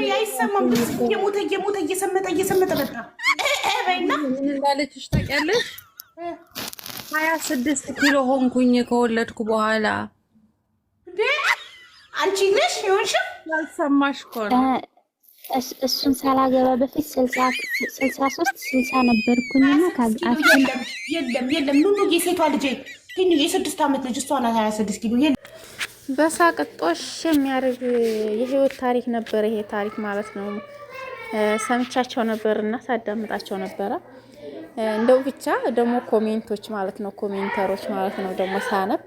ጮቤ አይሰማም። እየሞተ እየሞተ እየሰመጠ እየሰመጠ መጣ በይና እንዳለችሽ ታውቂያለሽ። ሀያ ስድስት ኪሎ ሆንኩኝ ከወለድኩ በኋላ። አንቺ ነሽ የሆንሽው ያልሰማሽ እሱን ሳላገባ በፊት ስልሳ ሶስት ስልሳ ነበርኩኝ። የለም የለም ኑኑ የሴቷ ልጅ የስድስት ዓመት ልጅ እሷ ናት ሀያ ስድስት ኪሎ በሳቅጦሽ የሚያደርግ የህይወት ታሪክ ነበር ይሄ ታሪክ ማለት ነው። ሰምቻቸው ነበር እና ሳዳምጣቸው ነበረ። እንደው ብቻ ደግሞ ኮሜንቶች ማለት ነው ኮሜንተሮች ማለት ነው ደግሞ ሳነብ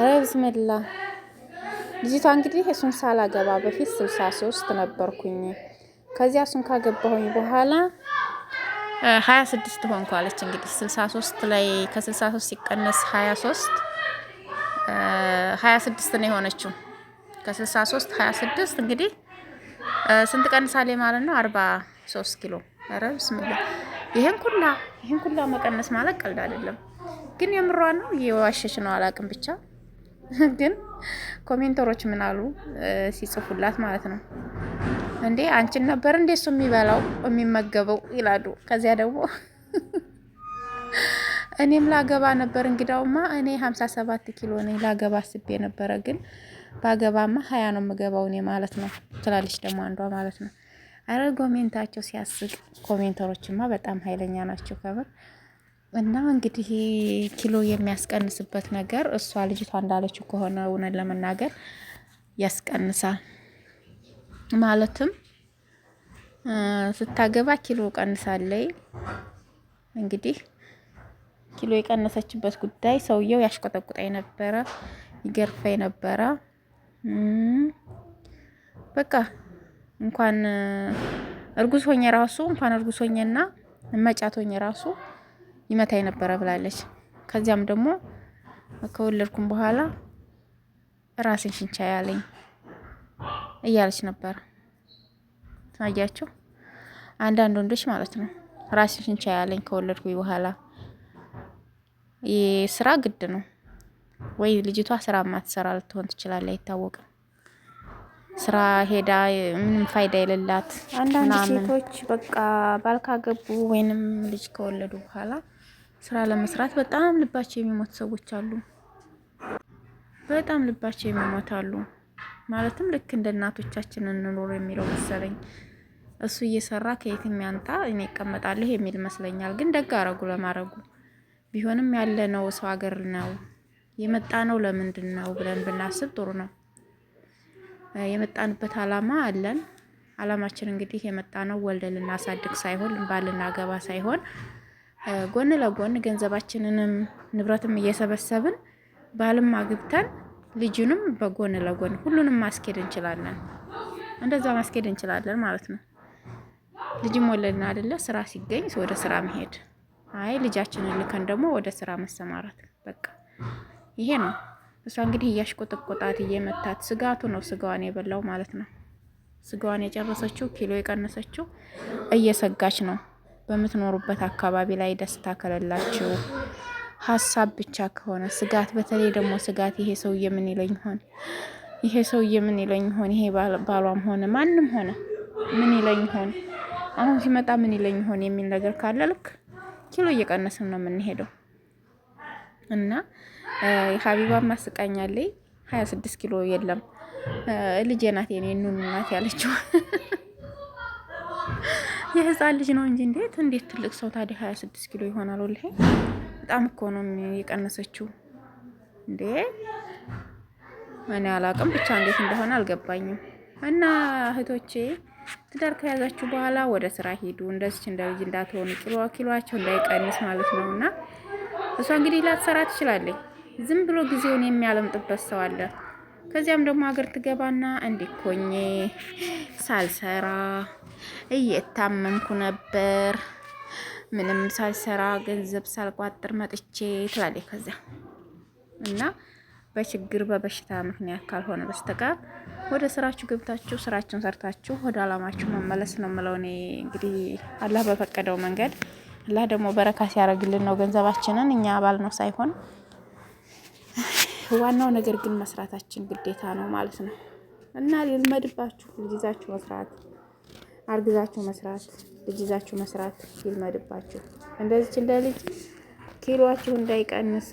ኧረ ልጅቷ እንግዲህ እሱን ሳላገባ በፊት ስልሳ ሶስት ነበርኩኝ ከዚያ እሱን ካገባሁኝ በኋላ ሀያ ስድስት ሆንኳለች። እንግዲህ ስልሳ ሶስት ላይ ከስልሳ ሶስት ሲቀነስ ሀያ ሶስት ስድስት ነው የሆነችው። ከ63 ስድስት እንግዲህ ስንት ቀንሳሌ ማለት ነው? 43 ኪሎ። ኧረ ብስምላ ይሄን ኩላ ይሄን ኩላ መቀነስ ማለት ቀልድ አይደለም። ግን የምሯ ነው የዋሸች ነው አላቅም። ብቻ ግን ኮሜንተሮች ምን አሉ ሲጽፉላት ማለት ነው እንዴ አንቺን ነበር እንዴ እሱ የሚበላው የሚመገበው ይላሉ። ከዚያ ደግሞ እኔም ላገባ ነበር እንግዳውማ። እኔ 57 ኪሎ ነኝ፣ ላገባ አስቤ ነበረ፣ ግን ባገባማ ሀያ ነው የምገባው እኔ ማለት ነው ትላለች ደግሞ አንዷ ማለት ነው። አረ ኮሜንታቸው ሲያስቅ፣ ኮሜንተሮችማ በጣም ሀይለኛ ናቸው ከምር። እና እንግዲህ ኪሎ የሚያስቀንስበት ነገር እሷ ልጅቷ እንዳለችው ከሆነ እውነት ለመናገር ያስቀንሳል ማለትም ስታገባ ኪሎ ቀንሳለይ እንግዲህ ኪሎ የቀነሰችበት ጉዳይ ሰውየው ያሽቆጠቁጣ የነበረ ይገርፋ ነበረ። በቃ እንኳን እርጉዝ ሆኜ ራሱ እንኳን እርጉዝ ሆኜና መጫት ሆኜ ራሱ ይመታ ነበረ ብላለች። ከዚያም ደግሞ ከወለድኩም በኋላ ራሴን ሽንቻ ያለኝ እያለች ነበር። አያችሁ፣ አንዳንድ ወንዶች ማለት ነው ራሴን ሽንቻ ያለኝ ከወለድኩኝ በኋላ ስራ ግድ ነው ወይ? ልጅቷ ስራ ማትሰራ ልትሆን ትችላለች፣ አይታወቅም። ስራ ሄዳ ምንም ፋይዳ የሌላት አንዳንድ ሴቶች በቃ ባል ካገቡ ወይንም ልጅ ከወለዱ በኋላ ስራ ለመስራት በጣም ልባቸው የሚሞት ሰዎች አሉ። በጣም ልባቸው የሚሞት አሉ። ማለትም ልክ እንደ እናቶቻችን እንኖር የሚለው መሰለኝ። እሱ እየሰራ ከየትም ያንጣ እኔ ይቀመጣለሁ የሚል መስለኛል። ግን ደግ አረጉ ለማረጉ ቢሆንም ያለነው ሰው ሀገር ነው የመጣ ነው ለምንድን ነው ብለን ብናስብ ጥሩ ነው። የመጣንበት አላማ አለን። አላማችን እንግዲህ የመጣ ነው ወልደ ልናሳድግ ሳይሆን ባል ልናገባ ሳይሆን ጎን ለጎን ገንዘባችንንም ንብረትም እየሰበሰብን ባልም አግብተን ልጁንም በጎን ለጎን ሁሉንም ማስኬድ እንችላለን። እንደዛ ማስኬድ እንችላለን ማለት ነው። ልጅም ወለድን አይደለ? ስራ ሲገኝ ወደ ስራ መሄድ አይ ልጃችንን ልከን ደግሞ ወደ ስራ መሰማራት በቃ ይሄ ነው። እሷ እንግዲህ እያሽቆጠቆጣት እየመታት ስጋቱ ነው ስጋዋን የበላው ማለት ነው። ስጋዋን የጨረሰችው ኪሎ የቀነሰችው እየሰጋች ነው። በምትኖሩበት አካባቢ ላይ ደስታ ከሌላችሁ ሀሳብ ብቻ ከሆነ ስጋት፣ በተለይ ደግሞ ስጋት ይሄ ሰውዬ ምን ይለኝ ሆን ይሄ ሰውዬ ምን ይለኝ ሆን ይሄ ባሏም ሆነ ማንም ሆነ ምን ይለኝ ሆን አሁን ሲመጣ ምን ይለኝ ሆን የሚል ነገር ካለ ልክ ኪሎ እየቀነስን ነው የምንሄደው እና የሀቢባ ማስቃኛለይ ሀያ ስድስት ኪሎ የለም ልጄ ናት የኔ ኑኑ ናት ያለችው የህፃን ልጅ ነው እንጂ እንዴት እንዴት ትልቅ ሰው ታዲያ ሀያ ስድስት ኪሎ ይሆናል? ወላሂ በጣም እኮ ነው የቀነሰችው። እንዴ እኔ አላውቅም ብቻ እንዴት እንደሆነ አልገባኝም። እና እህቶቼ ትዳር ከያዛችሁ በኋላ ወደ ስራ ሄዱ እንደዚች እንደ ልጅ እንዳትሆኑ፣ ኪሎ ኪሏቸው እንዳይቀንስ ማለት ነው። እና እሷ እንግዲህ ላትሰራ ትችላለች። ዝም ብሎ ጊዜውን የሚያለምጥበት ሰው አለ። ከዚያም ደግሞ ሀገር ትገባና እንዲኮኜ ሳልሰራ እየታመምኩ ነበር ምንም ሳልሰራ ገንዘብ ሳልቋጥር መጥቼ ትላለች። ከዚያ እና በችግር በበሽታ ምክንያት ካልሆነ በስተቀር ወደ ስራችሁ ገብታችሁ ስራችሁን ሰርታችሁ ወደ አላማችሁ መመለስ ነው የምለው። እኔ እንግዲህ አላህ በፈቀደው መንገድ አላህ ደግሞ በረካ ሲያደርግልን ነው ገንዘባችንን እኛ አባል ነው ሳይሆን፣ ዋናው ነገር ግን መስራታችን ግዴታ ነው ማለት ነው እና ይልመድባችሁ። ልጅ ይዛችሁ መስራት፣ አርግዛችሁ መስራት፣ ልጅ መስራት አርግዛችሁ መስራት ልጅ መስራት ይልመድባችሁ እንደዚች እንደ ልጅ ኪሏችሁ እንዳይቀንስ